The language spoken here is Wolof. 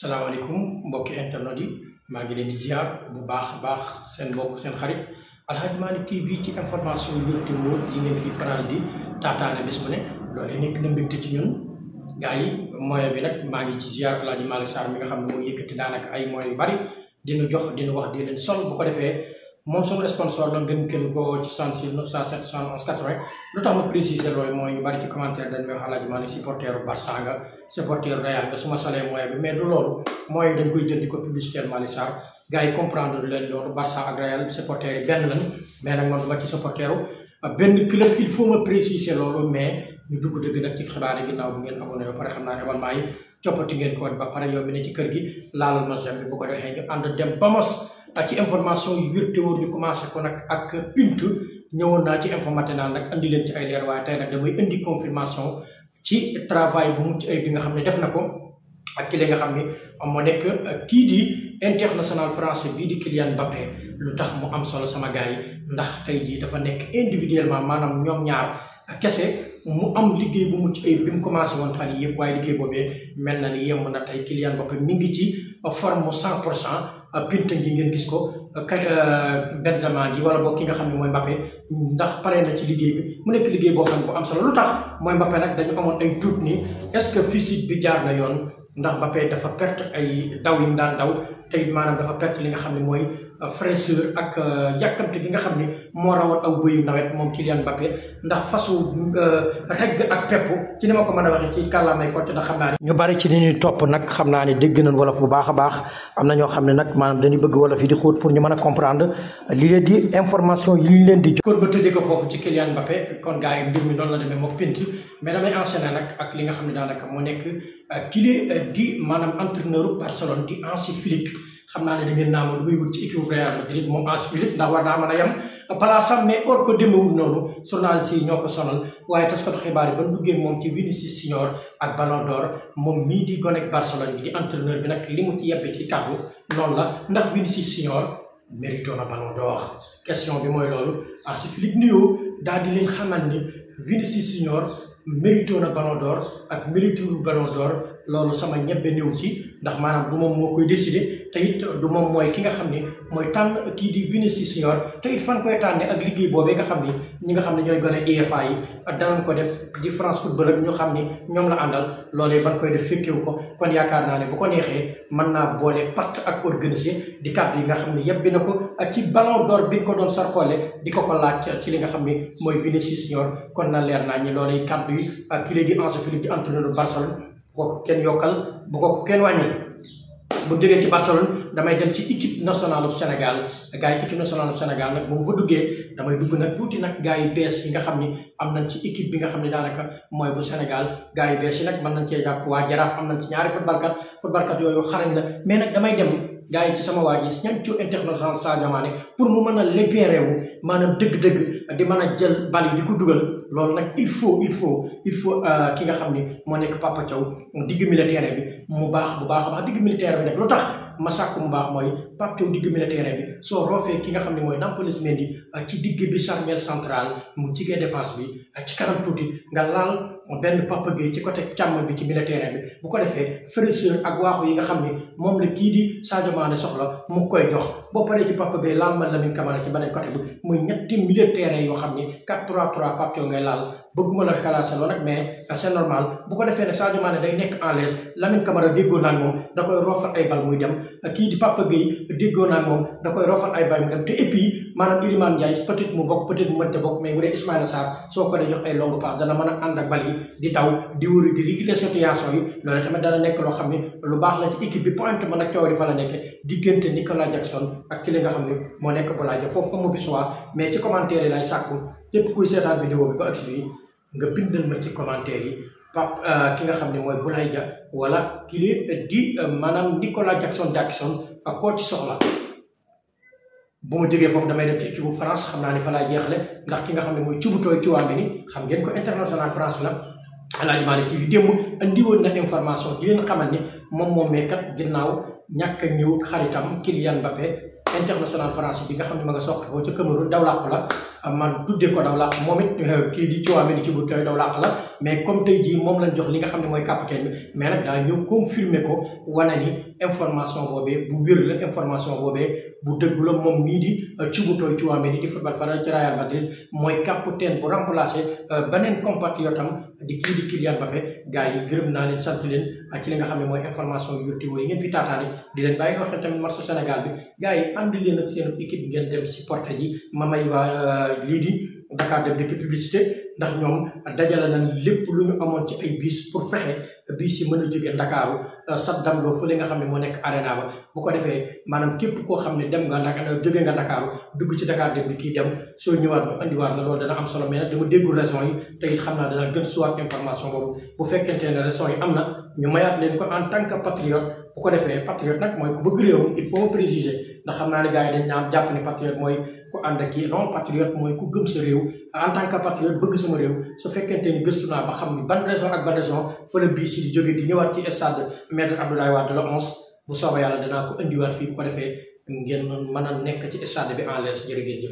salaamaaleykum mbokki internet yi maa ngi leen di ziar bu baax a baax seen mbokk seen xarit Aladji Malick TV ci information yu te wóor yi ngeen fi faral di taataane bés ne loolee nekk na mbégte ci ñun gars yi moyen bi nag maa ngi ci ziar Aladji Malick Sarr mi nga xam ne mooy yëkkati daanaka ay moyens yu bari dina jox dina wax di leen sol bu ko defee. moom suñu sponsor la ngeen jël ko ci 66 907 71 80 lu tax ma préciser loolu mooy ñu bari ci commentaire dañ may wax Aladji Malick Barça nga supporteru Real nga su ma salee bi mais du loolu mooy dañ koy jël ko publicitaire Malick Sarr yi comprendre leen loolu Barça ak Real supporter yi benn lañ mais nag man du ci supporteru benn club il faut ma préciser loolu mais ñu dugg dëgg nag ci xibaar yi ginnaaw bi ngeen abonné ba pare xam naa coppati ngeen ko ba pare yow ne ci kër gi laalal ma zem bi bu ko defee ñu ànd dem ba mos ah, ci information yu wér te wóor ñu commencé ko nag ak pint ñëwoon naa ci informaté naa nag andi leen ci ay leer waaye tey nag damay indi confirmation ci travail bu mucc ay bi nga xam ne def na ko ak ki nga xam ne moo nekk euh, kii di international français bii di Kylian Mbappé lu tax mu am solo sama gars ndax tey jii dafa nekk individuellement maanaam ñoom ñaar kese mu am liggéey bu mucc ayib bi mu commencé woon fan yii yëpp waaye liggéey boobee mel na ni yemb na tey Kylian Mbappé mi ngi ci forme 100 pour cent euh, pinte ngi ngeen gis ko euh, Benzema gi wala boog ki nga xam ne mooy Mbappé ndax pare na ci liggéey bi mu nekk liggéey boo xam bu am solo lu tax mooy Mbappé nag dañu amoon ay tuut ni ce que physique bi jaar na yoon. ndax Mbappé dafa perte ay daw yi mu daan daw te it maanaam dafa perte li nga xam ne mooy euh, fraîcheur ak euh, yàkkamte gi nga xam ne moo rawoon aw bëyu nawet moom Kylian Mbappé ndax fasu euh, regg ak pepp ci ni ma ko mën a waxee ci ko xam naa ni bari ci ni ñuy topp nag xam naa ne dégg nañ wolof bu baax a baax am na ñoo xam ne nag maanaam dañuy bëgg wolof fi di xóot pour ñu mën a comprendre li leen di information yi leen di jox kon ba tëjee ko foofu ci Kylian Mbappé kon gars yi mbir mi noonu ak li nga xam ne daanaka moo nekk kii euh, euh, di maanaam entraîneur Barcelone di Hansi Flick xam naa ne da ngeen naamoon muy wut ci équipe Real Madrid moom Hansi Flick ndax war naa mën a yem place mais or ko demewul noonu journaliste yi ñoo ko sonal waaye taskatu xibaar yi ba duggee moom ci Vinicius Junior ak Ballon d'Or moom mii di gonek Barcelone bi di entraîneur bi nag li mu ci yebbi ci kàddu noonu la ndax Vinicius Junior mérito na Ballon d'Or question bi mooy loolu Hansi Flick daal di leen xamal ni Vinicius Junior mérité na Ballon d'Or ak méritéwul Ballon d'Or loolu sama ñebbe néew ci ndax maanaam du moom moo koy décider te it du moom mooy ki nga xam ni mooy tànn kii di Vinicius Junior te fan koy tànne ak liggéey boobee nga xam ni ñi nga xam ne ñooy gone UEFA yi danañ ko def di France football ak ñu xam ni ñoom la àndal loolee ban koy def fekkewu ko kon yaakaar naa ne boo ko neexee mën naa boole pacte ak organiser di kàddu yi nga xam ne yebbi na ko ak ci ballon d'or bi ñu ko doon sarxoole di ko ko laaj ci li nga xam ni mooy Vinicius Junior kon na leer naa ñi loolee kàddu yi ak ki di Ansu Flick di entraîneur Barcelone bu ko kenn yokkal bu ko kenn wàññi bu duggee ci Barcelone damay dem ci équipe nationale Sénégal gars yi équipe nationale Sénégal nag bu ko fa duggee damay dugg nag tuuti nag gars yi bees yi nga xam ni am nañ ci équipe bi nga xam ne daanaka mooy bu Sénégal gaa yi bees yi nag mën nañ cee jàpp waa Jaraaf am na ci ñaari footballkat footballkat yooyu xarañ la mais nag damay dem. gars yi ci sama waa ji ñan ci international Sadio Mané pour mu mën a libéré wu maanaam dëgg-dëgg di mën a jël bal yi di ko dugal loolu nag il faut il faut il faut euh, ki nga xam ni moo nekk Papa Thiaw digg militaire bi mu baax bu baax a baax digg militaire bi nag lu tax. ma sàkku mu baax mooy Pape Thiaw digg milieu bi soo roofee ki nga xam ne mooy Nampalys Mendy ah, ci digg bi charnière centrale mu jigee défense bi ah, ci kanam tuuti nga laal benn Papa ci côté càmmoñ bi ci milieu bi bu ko defee fraîcheur ak waaxu yi nga xam ni moom la kii di Sadio Mané soxla mu koy jox boo paree ci Papa Gueye laal ma Lamine Camara ci beneen côté bi muy ñetti milieu yoo xam ni 4-3-3 Pape ngay laal bëgguma la classé loolu nag mais ah, bu ko defee ne Sadio Mané day nekk en l'aise Lamine Camara déggoo naa moom da ay bal dem ak kii di Papa Gueye déggoo naa moom da koy rofal ay bay mu dem te et puis maanaam Iliman Ndiaye peut être mu bokk peut être mu mënte bokk mais bu dee Ismaïla Sarr soo ko dee jox ay longue passe dana mën a ànd ak bal yi di taw di wëri di réguler situation yi loolu dana nekk loo xam ne lu baax la ci équipe bi point mën a coow di fa la nekk diggante Nicolas Jackson ak ki nga xam ne moo nekk Boulaye foofu amu fi choix mais ci commentaire yi lay sàkku képp kuy seetaan vidéo bi ba pap euh, ki nga xam ne mooy Boulaye Dia wala kii di maanaam Nicolas Jackson Jackson koo ci soxla bu ma jógee foofu damay dem ci équipe bu France xam naa ne fa laa jeexle ndax ki nga xam ne mooy cubutooy ci waa ni xam ngeen ko international France la Aladji Malick TV démb andi woon na information di leen xamal ni moom moom mee kat ginnaaw ñàkk a ñëw xaritam Kylian Mbappé international français bi nga xam ne ma nga soqe ko ca Cameroun daw làq la ah, man tuddee ko euh, mais comme tey moom lañ jox li nga xam ne mooy capitaine bi mais nag daa ñëw ko wane ni information bu wér la information boobee bu dëgg la moom mii di euh, ci bu tooy di football faral ci Real Madrid mooy capitaine bu remplacé euh, di kii di Kylian yi gërëm naa leen sant leen ci li nga xam ne mooy information yu wér yi ngeen fi taataane di leen bàyyi nga xam tamit match Sénégal bi gars yi ànd leen ak seen équipe ngeen dem supporter ji ma may waa euh, lii di Dakar dem dëkk publicité ndax ñoom dajale nañ lépp lu ñu amoon ci ay bis pour fexe bis yi mën a jóge Ndakaaru Euh, Saddam Lo fële nga xam ne moo nekk arena ba bu ko defee maanaam képp koo xam ne dem nga Dakar euh, jóge nga Dakar dugg ci Dakar dem bi kii dem soo ñëwaat ñu andiwaat la loolu dana am solo mais dama déggul raison yi te xam naa dana gën suwaat information boobu bu fekkente ne raison yi am na ñu mayaat leen ko en tant que bu ko defee patriote nag mooy ku bëgg réewam il faut préciser ndax xam naa ne gars yi dañ naan jàpp ni patriote mooy ku ànd kii non patriote mooy ba maître Abdoulaye Wade la 11 bu soobee yàlla dinaa ko indiwaat fii bu ko defee ngeen mën a nekk ci stade bi en l'aise jërë ngeen jëf